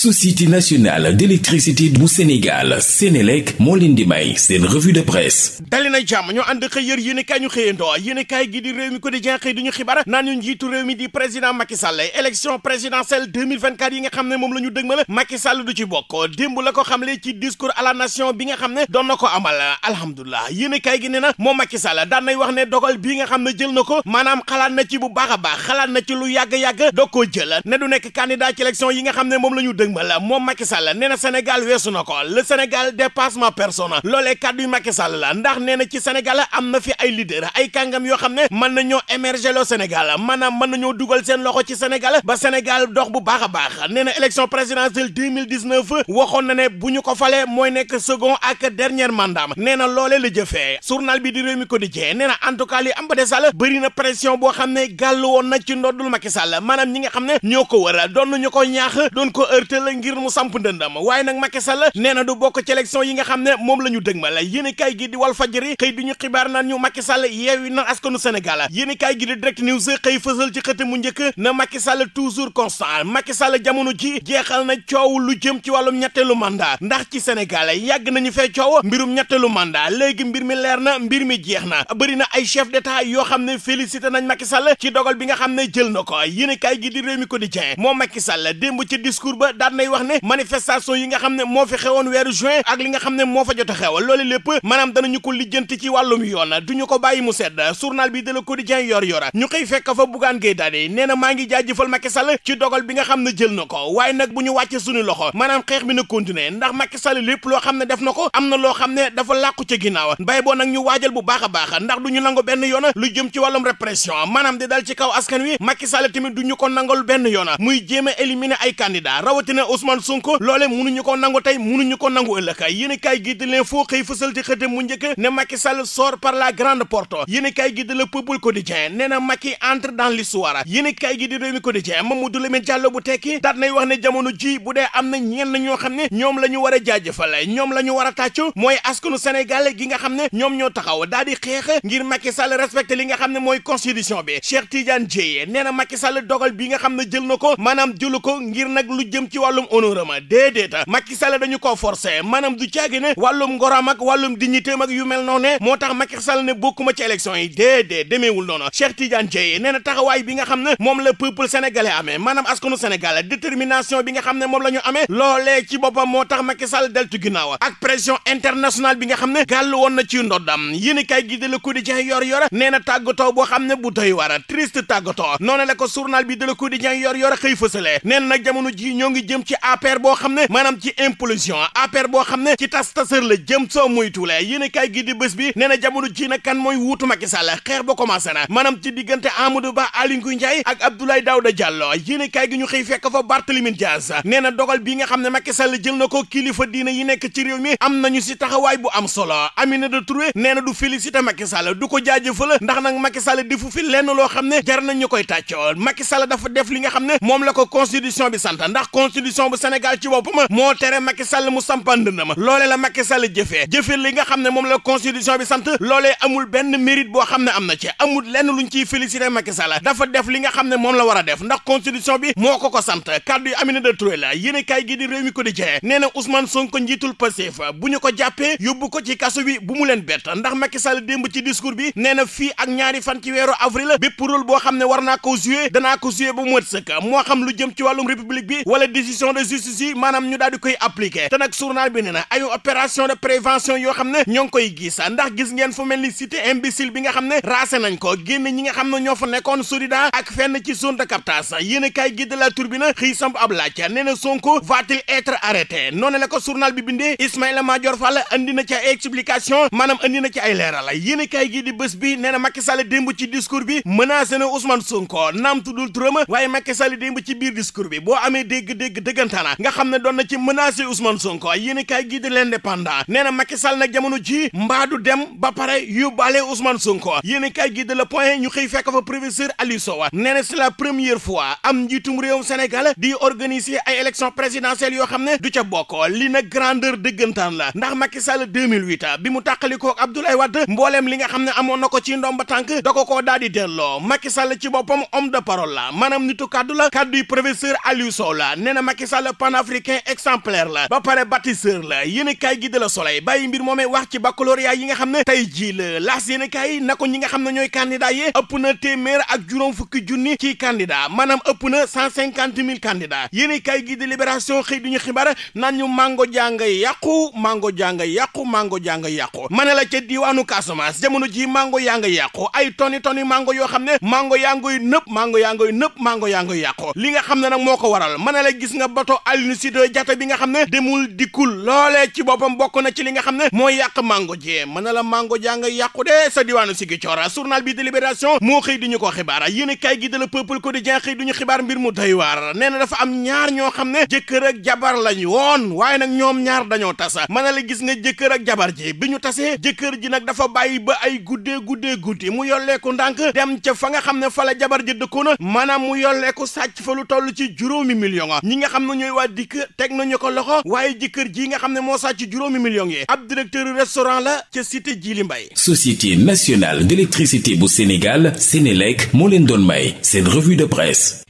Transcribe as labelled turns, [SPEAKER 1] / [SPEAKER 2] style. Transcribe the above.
[SPEAKER 1] société nationale d'électricité bu Sénégal Sénélec moo leen di may de presse dali na jàmm ñoo ànd xëy yër yéenekaay ñu xëyandoo yéenekaay gi di réew mi quotidien xëy duñu xibaar naan ñu njiitu réew mi di président Macky Sall élection présidentielle 2024 xam ne moom la ñu dëgmal Macky du ci bokk démb la ko xamle ci discours à la nation bi nga xam ne doon na ko amal alhamdulilah yéenekaay gi ne na moom Macky Sall daan wax ne dogal bi nga a baax xalaat na ci lu yàgg-yàgg doo ko jël ne du nekk candidat dëgmal moom Macky Sall nee na Sénégal weesu na ko le Sénégal dépasse ma personne loolee kàddu yu Macky Sall la ndax nee na ci Sénégal am na fi ay leader ay kàngam yoo xam ne mën nañoo émerger le Sénégal maanaam mën nañoo dugal seen loxo ci Sénégal ba Sénégal dox bu baax a baax nee na élection présidentielle 2019 waxoon na ne bu ñu ko falee mooy nekk second ak dernier mandat nee na loolee la jëfee journal bi di Rewmi Quotidien nee na en tout cas li am ba de na pression boo xam ne gàll woon na ci nga xam ne ñoo ko wër doon la ngir mu samp ndëndam waaye nag Macky Sall nee na du bokk ci élection yi nga xam ne moom la ñu dëgmal yéenekaay gi di Walf Fadjri xëy du ñu xibaar naan ñu Macky Sall yeewi na askanu Sénégal yéenekaay gi di Direct News xëy fësal ci xëte mu njëkk na Macky Sall toujours constant Macky Sall jamono ji jeexal na coow ci wàllum ñetteelu mandat ndax nañu fee coow mbirum ñetteelu mandat léegi mbir mi leer na mbir mi jeex na bëri na ay de d'état yoo xam ne félicité nañ Macky Sall ci dogal bi nga xam ne jël na ko yéenekaay gi di Rewmi Quotidien daat nay wax ne manifestation yi nga xam ne moo fi xewoon weeru ak li nga xam ne moo fa jot xew loolu lépp maanaam danañu ko lijjanti ci wàllum yoon duñu ko bàyyi mu sedd journal bi de Le Quotidien yor yora ñu fekk fa Bougane Gueye Dany na maa ngi jaajëfal Macky Sall ci dogal bi nga xam ne jël na ko waaye nag bu ñu wàcce suñu loxo maanaam xeex bi na continuer ndax Macky Sall lépp loo xam ne def na ko am na loo xam ne dafa làqu ca ginnaaw bay boo nag ñu waajal bu baax a baax ndax du ñu nango benn yoona lu jëm ci wàllum répression maanaam di dal ci kaw askan wi Macky Sall tamit du ñu ko nangol benn yoona muy jéem a éliminer ay candidat rawatina ne Ousmane Sonko loole munuñu ko nangu tey munuñu ko nangu ëllëg yéen kaay gi di l'info xëy fësal ci xëte mu njëkk ne Macky Sall sort par la grande gi di le peuple quotidien nee na Macky entre dans l'histoire yéen kaay gi di Rewmi bu tekki daat nay wax ne jamono ji bu dee am na ñenn ñoo xam ne ñoom la ñu war a jaaj jaajëfal ñoom la ñu war a tàcc mooy askanu Sénégal gi nga xam ne ñoom ñoo taxaw daal di xeex ngir Macky Sall respecté li nga xam ne mooy constitution bi Cheikh Tidiane Dieye ne na Macky Sall dogal bi nga xam ne jël na ko maanaam jëlu ko ngir nag lu jëm ci wàllum honneur ma déedéet Macky Sall dañu ko forcé maanaam du caagi ne wàllum ngoram ak wàllum yu mel noonu ne moo tax Macky Sall ne bokkuma ci élection yi déedéet demeewul noonu Cheikh Tidiane Dieye nee na taxawaay bi nga xam ne moom la peuple sénégalais amee maanaam askanu Sénégal détermination bi nga xam ne moom la ñu amee loolee ci boppam moo tax Macky Sall deltu ginnaaw ak pression internationale bi nga xam ne gàll woon na ci ndoddam yéen kay gi de la quotidien yor yor na tàggatoo boo xam ne bu doy war a triste tàggatoo noonu la ko journal bi de la quotidien yor yor xëy fësale nee na nag jamono ji ñoo ngi jëm ci APR boo xam ne maanaam ci implosion APR boo xam ne ci tas tasar la jëm soo muy tuule yéen kay gi di bés bi nee na jamono jii na kan mooy wuutu Macky Sall xeex ba commencé na maanaam ci diggante Amadou Ba Aly Ngouille Ndiaye ak Abdoulaye Daouda Diallo yéen kay gi ñu xëy fekk fa Barthélémy Dias nee na dogal bi nga xam ne Macky Sall jël na ko kilifa diina yi nekk ci réew mi am nañu si taxawaay bu am solo Aminata Touré nee na du félicité Macky Sall du ko jaajëfal ndax nag Macky Sall defu fi lenn loo xam ne jar nañ ñu koy tàccoo Macky Sall dafa li nga xam ne moom la ko constitution bi sant ndax constitution bu Sénégal ci boppam moo tere Macky Sall mu sampand na ma loolee la Macky Sall jëfee jëfe li nga xam ne moom la constitution bi sant loolee amul benn mérite boo xam ne am na ci amul lenn luñ ciy félicité Macky Sall dafa def li nga xam ne moom la war a def ndax constitution bi moo ko ko sant kàddu yi Aminata Touré la yéene kaay gi di réew mi ko di jee nee na Ousmane Sonko njiitul Pastef bu ñu ko jàppee yóbbu ko ci kaso bi bu mu leen bett ndax Macky Sall démb ci discours bi nee ñaari fan ci weeru avril boo xam ne war naa ko jouer danaa ko xam lu jëm ci wàllum république bi décision de ñu daal koy appliqué te nag bi ne ay opération de prévention yoo xam ne ñoo koy gis ndax gis ngeen fu mel ni bi nga xam ne raase nañ ko génn ñi nga xam ne ñoo fa nekkoon solida ak fenn ci zone de captage yéen a kaay gi de la ab laaj nee na Sonko va-t-il être arrêté la ko journal bi bindee Ismaïla Madior Fall andi na ci ay explication maanaam ci ay leeral yéen a kaay gi di bés bi nee dëgg nga xam ne doon na ci menacé Ousmane Sonko yéen kaay gii di l'indépendant nee na Macky Sall nag jamono ji mbaadu dem ba pare yóbbaale Ousmane Sonko yéen kaay gii di le point ñu xëy fekk fa professeur Aliou Sow nee na si la première fois am njiitum réewum Sénégal di organiser ay élections présidentielles yoo xam ne du ca bokk li nag grandeur dëggantaan la ndax Macky Sall 2008 bi mu tàqalikoo ak Abdoulaye Wade mbooleem li nga xam ne amoon na ko ci ndomba tànk da ko koo daal di delloo Macky Sall ci boppam la maanaam nitu kàddu la kàddu yi professeur Aliou Sow la Macky Sall panafricain exemplaire la ba pare bâtisseur la yéenekaay gi de la Soleil bàyyi mbir moomee wax ci baccalauréat yi xam ne tey jii la laas yéenekaay yi na ko ñi nga xam ne ñooy candidat yi ëpp na téeméer ak juróom fukki junni ci candidat maanaam ëpp na cent cinquante mille candidat yéenekaay gi de Libération xëy ñu mango jàng yàqu mango jàng yàqu mango jàng yàqu ma ne la ca diiwaanu Casamance jamono ji mango yaa nga yàqu ay toni toni mango yoo xam ne mango yaa ngoy nëpp mango yaa ngoy nëpp mango yaa yàqu nga bato Aline Sitoé Diatta bi nga xam ne demul dikkul loolee ci boppam bokk na ci li nga xam ne moo yàq mango jee mën na la mango jaa yàqu de sa diwaanu Ziguinchor journal bi de Libération moo xëy di ñu ko xibaar yéen kay gi de la Peuple Quotidien xëy du ñu xibaar mbir mu doy waar nee na dafa am ñaar ñoo xam ne jëkkër ak jabar lañu woon waaye nag ñoom ñaar dañoo tasa mën na la gis nga jëkkër ak jabar ji bi ñu tasee jëkkër ji nag dafa bàyyi ba ay guddee guddee guddi mu yolleeku ndànk dem ca fa nga xam ne fa la jabar ji dëkkoona maanaam mu yolleeku sàcc fa lu toll ci juróomi million ñi nga xam ne ñooy waa dikk teg nañu ko loxo waaye jëkkër ji nga xam ne moo sàcc juróomi millions yi ab directeur restaurant la ca cité Djily Mbaye société nationale d'électricité bu Sénégal Sénélec moo leen doon may seen revue de presse